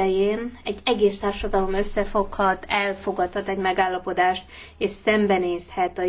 idején egy egész társadalom összefoghat, elfogadhat egy megállapodást, és szembenézhet a